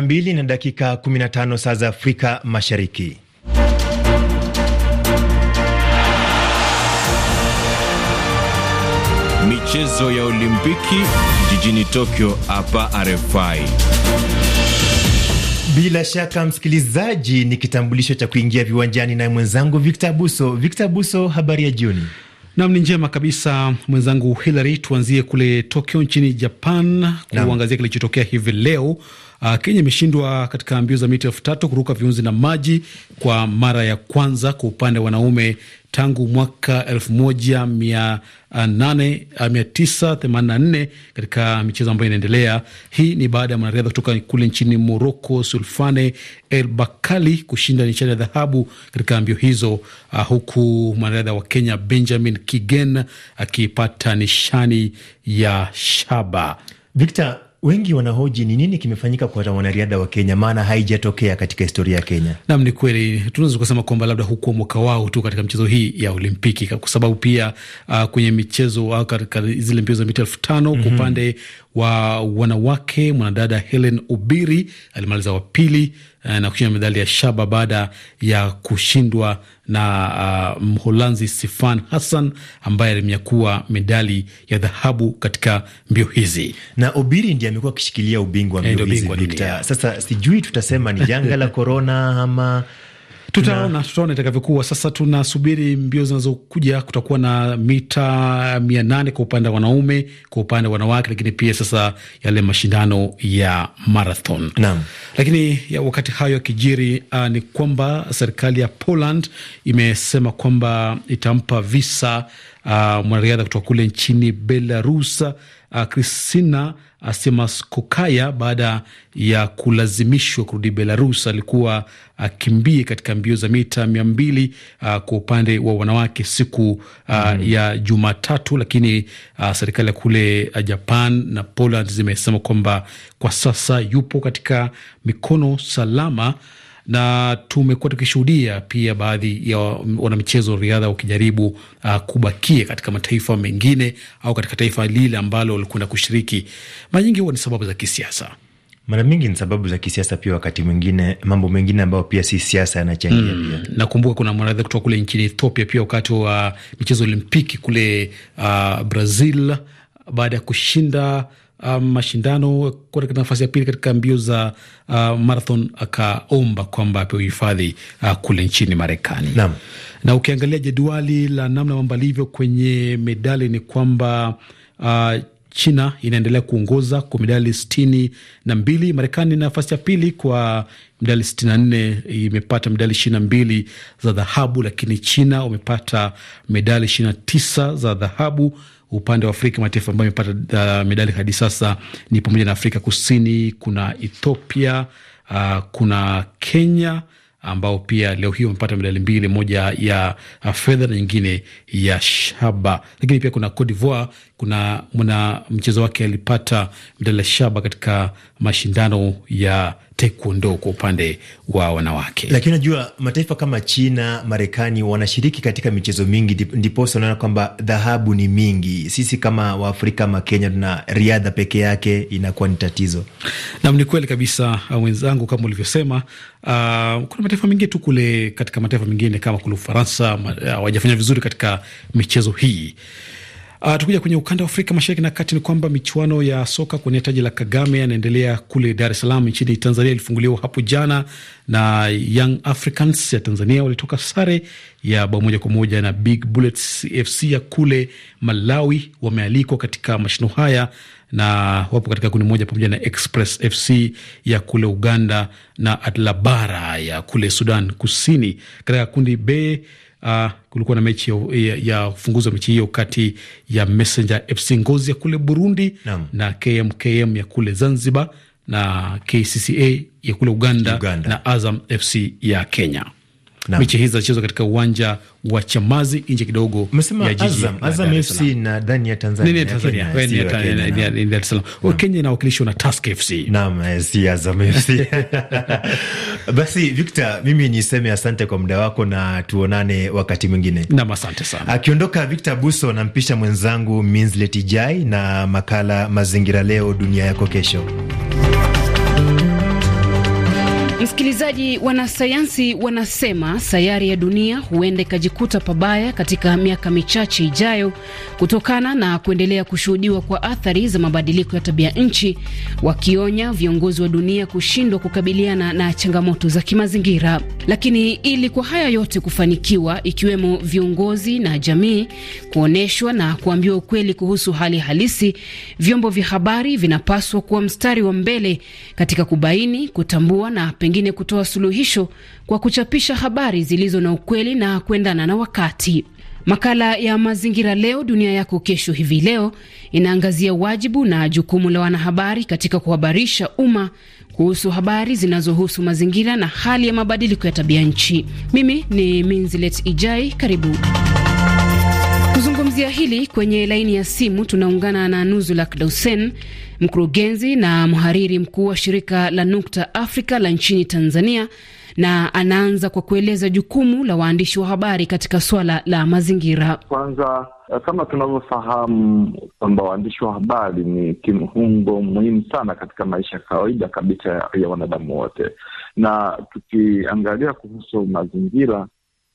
na mbili na dakika 15 saa za Afrika Mashariki. Michezo ya Olimpiki jijini Tokyo, hapa RFI. Bila shaka msikilizaji, ni kitambulisho cha kuingia viwanjani na mwenzangu Victor Buso. Victor Buso, habari ya jioni. Nam, ni njema kabisa mwenzangu Hilary. Tuanzie kule Tokyo nchini Japan kuangazia kilichotokea hivi leo. Uh, Kenya imeshindwa katika mbio za mita elfu tatu kuruka viunzi na maji kwa mara ya kwanza kwa upande wa wanaume tangu mwaka nne katika michezo ambayo inaendelea. Hii ni baada ya mwanariadha kutoka kule nchini Moroko, Sulfane El Bakali kushinda nishani ya dhahabu katika mbio hizo, uh, huku mwanariadha wa Kenya Benjamin Kigen akipata nishani ya shaba. Victor Wengi wanahoji ni nini kimefanyika kwa wanariadha wa Kenya, maana haijatokea katika historia ya Kenya. Nam, ni kweli, tunaweza kusema kwamba labda hukuwa mwaka wao tu katika michezo hii ya Olimpiki, kwa sababu pia uh, kwenye michezo au ah, zile mbio za mita elfu tano kwa mhm. upande wa wanawake mwanadada Helen ubiri alimaliza wa pili eh, na kushinda medali ya shaba baada ya kushindwa na uh, Mholanzi Sifan Hassan ambaye alimnyakua medali ya dhahabu katika mbio hizi, na ubiri ndiye amekuwa akishikilia ubingwa eh, mbio hizi. Sasa sijui tutasema ni janga la korona ama Tutaona, tutaona itakavyokuwa. Sasa tunasubiri mbio zinazokuja, kutakuwa na mita mia nane kwa upande wa wanaume, kwa upande wa wanawake, lakini pia sasa yale mashindano ya marathon. Lakini ya wakati hayo yakijiri, uh, ni kwamba serikali ya Poland imesema kwamba itampa visa uh, mwanariadha kutoka kule nchini Belarus uh, ah, Kristina ah, Semaskokaya baada ya kulazimishwa kurudi Belarus. Alikuwa akimbie uh, katika mbio za mita mia mbili uh, kwa upande wa wanawake siku uh, mm. ya Jumatatu, lakini uh, serikali ya kule Japan na Poland zimesema kwamba kwa sasa yupo katika mikono salama na tumekuwa tukishuhudia pia baadhi ya wanamichezo riadha wakijaribu uh, kubakia katika mataifa mengine au katika taifa lile ambalo walikwenda kushiriki. Mara nyingi huwa ni sababu za kisiasa mara mingi ni sababu za kisiasa pia, wakati mwingine mambo mengine ambayo pia si siasa yanachangia mm. nakumbuka kuna mwanariadha kutoka kule nchini Ethiopia pia wakati wa michezo Olimpiki kule uh, Brazil, baada ya kushinda um, mashindano katika nafasi ya pili katika mbio za uh, marathon, akaomba kwamba apewe hifadhi uh, kule nchini Marekani. Naam. Na ukiangalia jedwali la namna mambo alivyo kwenye medali ni kwamba uh, China inaendelea kuongoza kwa medali sitini na mbili. Marekani na nafasi ya pili kwa medali sitini na nne imepata medali ishirini na mbili za dhahabu, lakini China wamepata medali ishirini na tisa za dhahabu upande wa Afrika mataifa ambayo imepata uh, medali hadi sasa ni pamoja na Afrika Kusini, kuna Ethiopia uh, kuna Kenya ambao pia leo hii wamepata medali mbili, moja ya uh, fedha na nyingine ya shaba. Lakini pia kuna Cote d'Ivoire, kuna mwana mchezo wake alipata medali ya shaba katika mashindano ya taekwondo kwa upande wa wanawake. Lakini unajua mataifa kama China, Marekani wanashiriki katika michezo mingi, ndiposa unaona kwamba dhahabu ni mingi. Sisi kama Waafrika ama Kenya tuna riadha peke yake, inakuwa ni tatizo. Nam, ni kweli kabisa uh, mwenzangu, kama ulivyosema. Uh, kuna mataifa mengine tu kule, katika mataifa mengine kama kule Ufaransa uh, hawajafanya uh, vizuri katika michezo hii. Uh, ah, tukuja kwenye ukanda wa Afrika Mashariki na Kati, ni kwamba michuano ya soka kwenye taji la Kagame yanaendelea kule Dar es Salaam nchini Tanzania. Ilifunguliwa hapo jana na Young Africans ya Tanzania walitoka sare ya bao moja kwa moja na Big Bullets FC ya kule Malawi. Wamealikwa katika mashindano haya na wapo katika kundi moja pamoja na Express FC ya kule Uganda na Atlabara ya kule Sudan Kusini. Katika kundi B Uh, kulikuwa na mechi ya ufunguzi wa mechi hiyo kati ya Messenger FC Ngozi ya kule Burundi Nam. na KMKM ya kule Zanzibar na KCCA ya kule Uganda, Uganda. na Azam FC ya Kenya mechi hizi zitachezwa katika uwanja wa Chamazi nje kidogo ya jiji na ndani ya Tanzania, mm. Kenya inawakilishwa na FC. Naam, eh, si Azam FC. Basi Victor, mimi niseme asante kwa muda wako na tuonane wakati mwingine. Naam, asante sana. Akiondoka Victor Buso, nampisha mwenzangu minsleti Jai na makala Mazingira Leo Dunia Yako Kesho. Msikilizaji, wanasayansi wanasema sayari ya dunia huenda ikajikuta pabaya katika miaka michache ijayo kutokana na kuendelea kushuhudiwa kwa athari za mabadiliko ya tabia nchi, wakionya viongozi wa dunia kushindwa kukabiliana na changamoto za kimazingira. Lakini ili kwa haya yote kufanikiwa, ikiwemo viongozi na jamii kuonyeshwa na kuambiwa ukweli kuhusu hali halisi, vyombo vya habari vinapaswa kuwa mstari wa mbele katika kubaini, kutambua na wengine kutoa suluhisho kwa kuchapisha habari zilizo na ukweli na kuendana na wakati. Makala ya Mazingira Leo Dunia Yako Kesho hivi leo inaangazia wajibu na jukumu la wanahabari katika kuhabarisha umma kuhusu habari zinazohusu mazingira na hali ya mabadiliko ya tabia nchi. Mimi ni Minzilet Ijai, karibu. Kuzungumzia hili kwenye laini ya simu tunaungana na Nuzula Dausen, mkurugenzi na mhariri mkuu wa shirika la Nukta Africa la nchini Tanzania, na anaanza kwa kueleza jukumu la waandishi wa habari katika swala la mazingira. Kwanza, kama tunavyofahamu kwamba waandishi wa habari ni kiungo muhimu sana katika maisha ya kawaida kabisa ya wanadamu wote, na tukiangalia kuhusu mazingira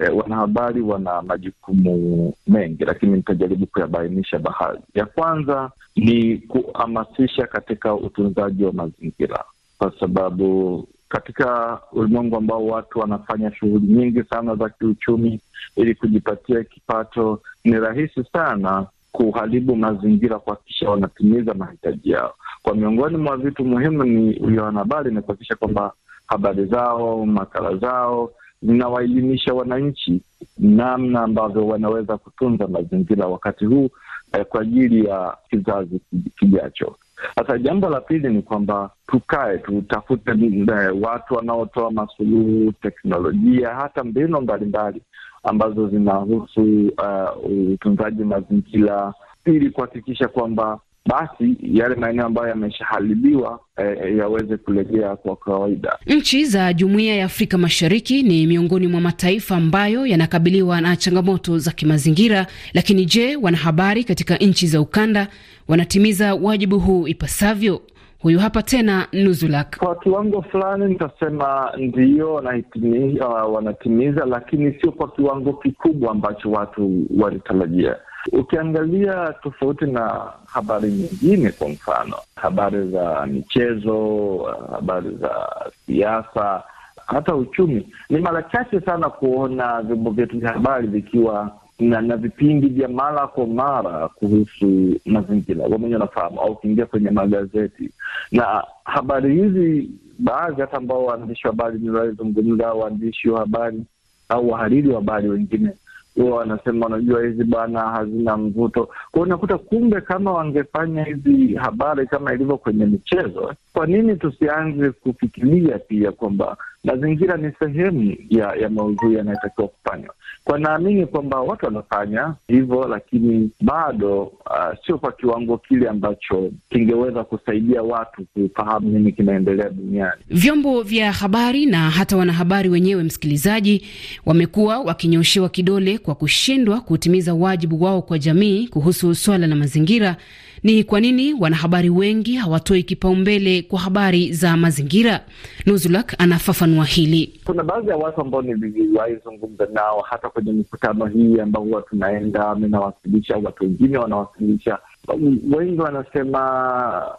E, wanahabari wana majukumu mengi, lakini nitajaribu kuyabainisha baadhi. Ya kwanza ni kuhamasisha katika utunzaji wa mazingira, kwa sababu katika ulimwengu ambao watu wanafanya shughuli nyingi sana za kiuchumi ili kujipatia kipato, ni rahisi sana kuharibu mazingira kuhakikisha wanatimiza mahitaji yao. Kwa miongoni mwa vitu muhimu ni ulio wanahabari ni kuhakikisha kwamba habari zao, makala zao Ninawaelimisha wananchi namna ambavyo wanaweza kutunza mazingira wakati huu eh, kwa ajili ya kizazi kijacho. Sasa jambo la pili ni kwamba tukae tutafute eh, watu wanaotoa masuluhu, teknolojia, hata mbinu mbalimbali ambazo zinahusu eh, utunzaji mazingira ili kuhakikisha kwamba basi yale maeneo ambayo yameshaharibiwa e, yaweze kulegea kwa kawaida. Nchi za Jumuiya ya Afrika Mashariki ni miongoni mwa mataifa ambayo yanakabiliwa na changamoto za kimazingira, lakini je, wanahabari katika nchi za ukanda wanatimiza wajibu huu ipasavyo? Huyu hapa tena Nuzulak. Kwa kiwango fulani nitasema ndiyo uh, wanatimiza, lakini sio kwa kiwango kikubwa ambacho watu walitarajia. Ukiangalia tofauti na habari nyingine, kwa mfano habari za michezo, habari za siasa, hata uchumi, ni mara chache sana kuona vyombo vyetu vya habari vikiwa na, na vipindi vya mara kwa mara kuhusu mazingira. Wao mwenyewe wanafahamu, au ukiingia kwenye magazeti na habari hizi, baadhi hata ambao waandishi wa habari niliwazungumza, waandishi wa habari au wahariri wa habari wengine huwa wanasema wanajua hizi bana hazina mvuto kwao. Unakuta kumbe kama wangefanya hizi habari kama ilivyo kwenye michezo, kwa nini tusianze kufikiria pia kwamba mazingira ni sehemu ya ya maudhui yanayotakiwa kufanywa. Kwa naamini kwamba watu wanafanya hivyo, lakini bado uh, sio kwa kiwango kile ambacho kingeweza kusaidia watu kufahamu nini kinaendelea duniani. Vyombo vya habari na hata wanahabari wenyewe, msikilizaji, wamekuwa wakinyoshewa kidole kwa kushindwa kutimiza wajibu wao kwa jamii kuhusu swala la mazingira ni kwa nini wanahabari wengi hawatoi kipaumbele kwa habari za mazingira. Nuzulak anafafanua hili. Kuna baadhi ya watu ambao niliwaizungumza zungumza nao hata kwenye mikutano hii ambao huwa tunaenda, mi nawasilisha, watu wengine wanawasilisha wengi wanasema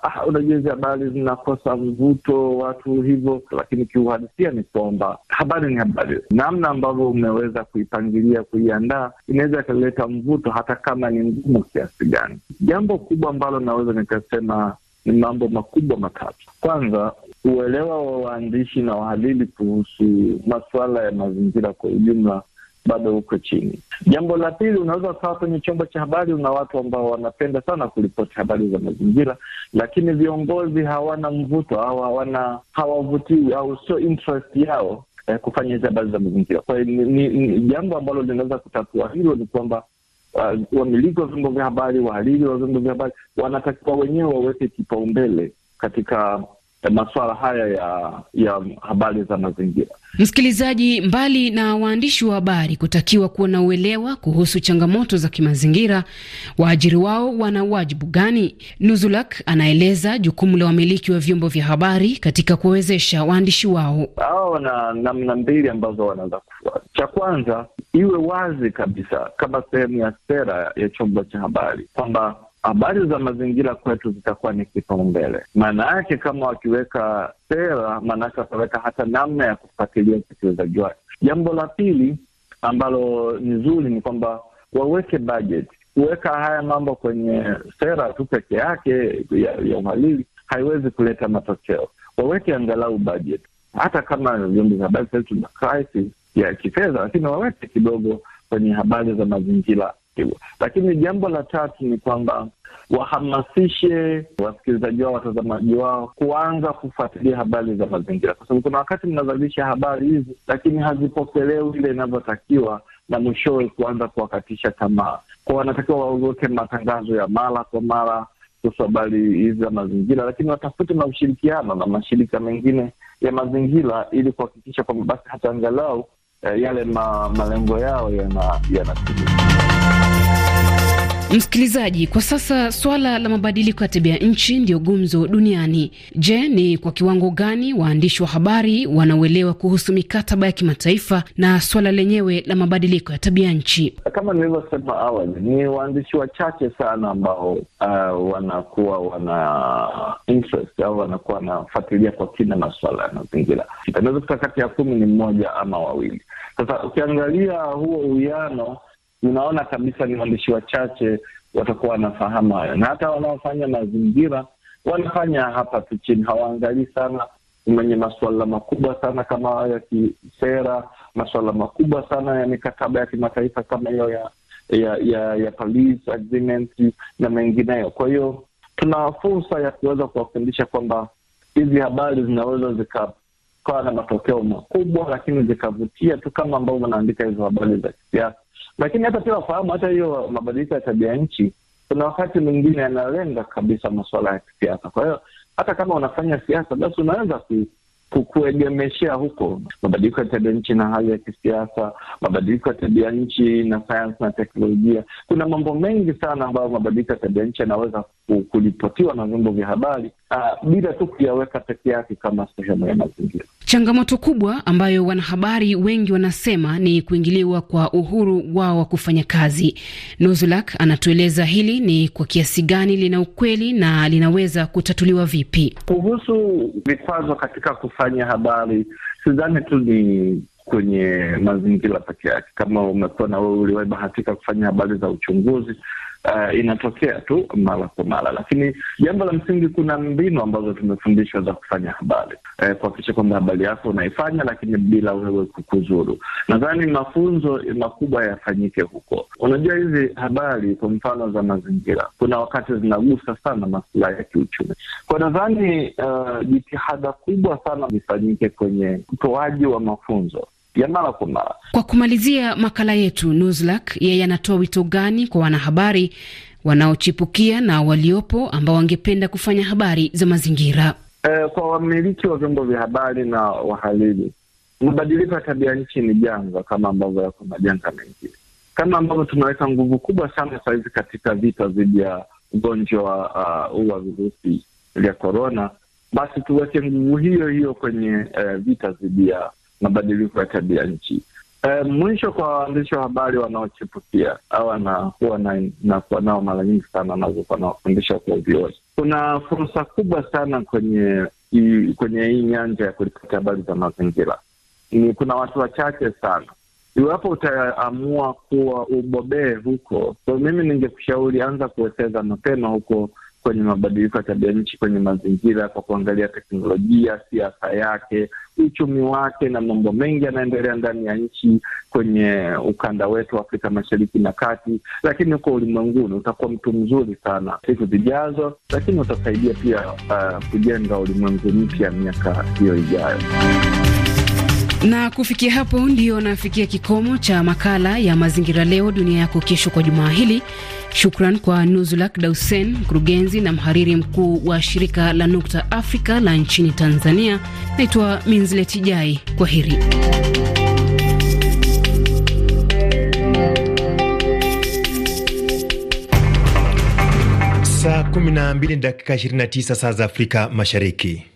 ah, unajua hizi habari zinakosa mvuto watu hivyo, lakini kiuhalisia ni kwamba habari ni habari. Namna ambavyo umeweza kuipangilia, kuiandaa, inaweza ikaleta mvuto hata kama ni ngumu kiasi gani. Jambo kubwa ambalo naweza nikasema ni mambo makubwa matatu. Kwanza, uelewa wa waandishi na wahalili kuhusu masuala ya mazingira kwa ujumla bado uko chini. Jambo la pili, unaweza ukawa kwenye chombo cha habari, una watu ambao wanapenda sana kuripoti habari za mazingira, lakini viongozi hawana mvuto, hawana hawavutiwi, au sio interest yao eh, kufanya hizi habari za mazingira. Kwa hiyo ni, ni jambo ambalo linaweza kutatua hilo ni kwamba uh, wamiliki wa vyombo vya habari, wahariri wa vyombo vya habari wanatakiwa wenyewe waweke kipaumbele katika Eh, masuala haya ya ya habari za mazingira. Msikilizaji, mbali na waandishi wa habari kutakiwa kuwa na uelewa kuhusu changamoto za kimazingira, waajiri wao wana wajibu gani? Nuzulak anaeleza jukumu la wamiliki wa vyombo vya habari katika kuwawezesha waandishi wao. Hawa wana namna mbili ambazo wanaweza kufuata. Cha kwanza, iwe wazi kabisa kama sehemu ya sera ya chombo cha habari kwamba habari za mazingira kwetu zitakuwa ni kipaumbele. Maana yake kama wakiweka sera, maanaake wataweka hata namna ya kufuatilia utekelezaji wake. Jambo la pili ambalo ni zuri ni kwamba waweke bajeti. Kuweka haya mambo kwenye sera tu peke yake ya, ya uhalili haiwezi kuleta matokeo. Waweke angalau bajeti, hata kama vyombo vya habari sasa tuna crisis ya kifedha, lakini waweke kidogo kwenye habari za mazingira hivyo. Lakini jambo la tatu ni kwamba wahamasishe wasikilizaji wao, watazamaji wao kuanza kufuatilia habari za mazingira, kwa sababu kuna wakati mnazalisha habari hizi, lakini hazipokelewi vile inavyotakiwa na mwishowe kuanza kuwakatisha tamaa. kwao. wanatakiwa waweke matangazo ya mara kwa mara kuhusu habari hizi za mazingira, lakini watafute na ushirikiano na mashirika mengine ya mazingira ili kuhakikisha kwamba basi hata angalau eh, yale ma, malengo yao yanatimia. Msikilizaji, kwa sasa swala la mabadiliko ya tabia nchi ndiyo gumzo duniani. Je, ni kwa kiwango gani waandishi wa habari wanaoelewa kuhusu mikataba ya kimataifa na swala lenyewe la mabadiliko ya tabia nchi? Kama nilivyosema awali, ni waandishi wachache sana ambao uh, wanakuwa wana interest au wanakuwa wanafuatilia kwa kina maswala ya mazingira. Inaweza kuta kati ya kumi ni mmoja ama wawili. Sasa ukiangalia huo uwiano unaona kabisa ni waandishi wachache watakuwa wanafahamu hayo, na hata wanaofanya mazingira wanafanya hapa tu chini, hawaangalii sana mwenye masuala makubwa sana kama hayo ya kisera, masuala makubwa sana ya mikataba ya kimataifa kama hiyo ya ya ya, ya Paris Agreement na mengineyo. Kwa hiyo tuna fursa ya kuweza kuwafundisha kwamba hizi habari zinaweza zika kawa na matokeo makubwa, lakini zikavutia tu kama ambavyo wanaandika hizo habari za kisiasa. Lakini hata pia wafahamu, hata hiyo mabadiliko ya tabia nchi kuna wakati mwingine yanalenga kabisa masuala ya kisiasa. Kwa hiyo hata kama unafanya siasa, basi unaweza kukuegemeshea huko, mabadiliko ya tabia nchi na hali ya kisiasa, mabadiliko ya tabia nchi na sayansi na teknolojia. Kuna mambo mengi sana ambayo mabadiliko ya tabia nchi yanaweza kuripotiwa na vyombo vya habari ah, bila tu kuyaweka peke yake kama sehemu ya mazingira. Changamoto kubwa ambayo wanahabari wengi wanasema ni kuingiliwa kwa uhuru wao wa kufanya kazi. Nuzulak anatueleza hili ni kwa kiasi gani lina ukweli na linaweza kutatuliwa vipi. Kuhusu vikwazo katika kufanya habari, sidhani tu ni kwenye mazingira peke yake. Kama umekuwa na wewe uliwahi bahatika kufanya habari za uchunguzi uh, inatokea tu mara kwa mara, lakini jambo la msingi, kuna mbinu ambazo tumefundishwa za kufanya habari eh, kuhakikisha kwamba habari yako unaifanya, lakini bila wewe kukuzuru. Nadhani mafunzo makubwa yafanyike huko. Unajua, hizi habari kwa mfano za mazingira, kuna wakati zinagusa sana masilahi ya kiuchumi. Kwa nadhani uh, jitihada kubwa sana zifanyike kwenye utoaji wa mafunzo ya mara kwa mara. Kwa kumalizia makala yetu, Nuzlak yeye anatoa wito gani kwa wanahabari wanaochipukia na waliopo ambao wangependa kufanya habari za mazingira? E, kwa wamiliki wa vyombo vya habari na wahalili, mabadiliko ya tabia nchi ni janga kama ambavyo yako majanga mengine, kama ambavyo tunaweka nguvu kubwa sana sahizi katika vita dhidi ya ugonjwa uh, huu uh, wa virusi vya korona, basi tuweke nguvu hiyo hiyo kwenye uh, vita dhidi ya mabadiliko ya tabia nchi. E, mwisho kwa waandishi wa habari wanaochipukia au wanakuwa nakuwa nao mara nyingi sana anazokuwa nawafundisha kwa vyote, kuna fursa kubwa sana kwenye i, kwenye hii nyanja ya kulipata habari za mazingira. Ni kuna watu wachache sana, iwapo utaamua kuwa ubobee huko. So mimi ningekushauri anza kuwekeza mapema huko kwenye mabadiliko ya tabia nchi, kwenye mazingira, kwa kuangalia teknolojia, siasa yake, uchumi wake na mambo mengi yanaendelea ndani ya nchi kwenye ukanda wetu wa Afrika Mashariki na Kati, lakini huko ulimwenguni. Utakuwa mtu mzuri sana siku zijazo, lakini utasaidia pia uh, kujenga ulimwengu mpya miaka hiyo ijayo. Na kufikia hapo ndio nafikia kikomo cha makala ya mazingira leo dunia yako kesho kwa jumaa hili. Shukran kwa Nuzulak Dausen, mkurugenzi na mhariri mkuu wa shirika la Nukta Afrika la nchini Tanzania. Naitwa Minzleti Jai, kwa heri. Saa 12 dakika 29 saa za Afrika Mashariki.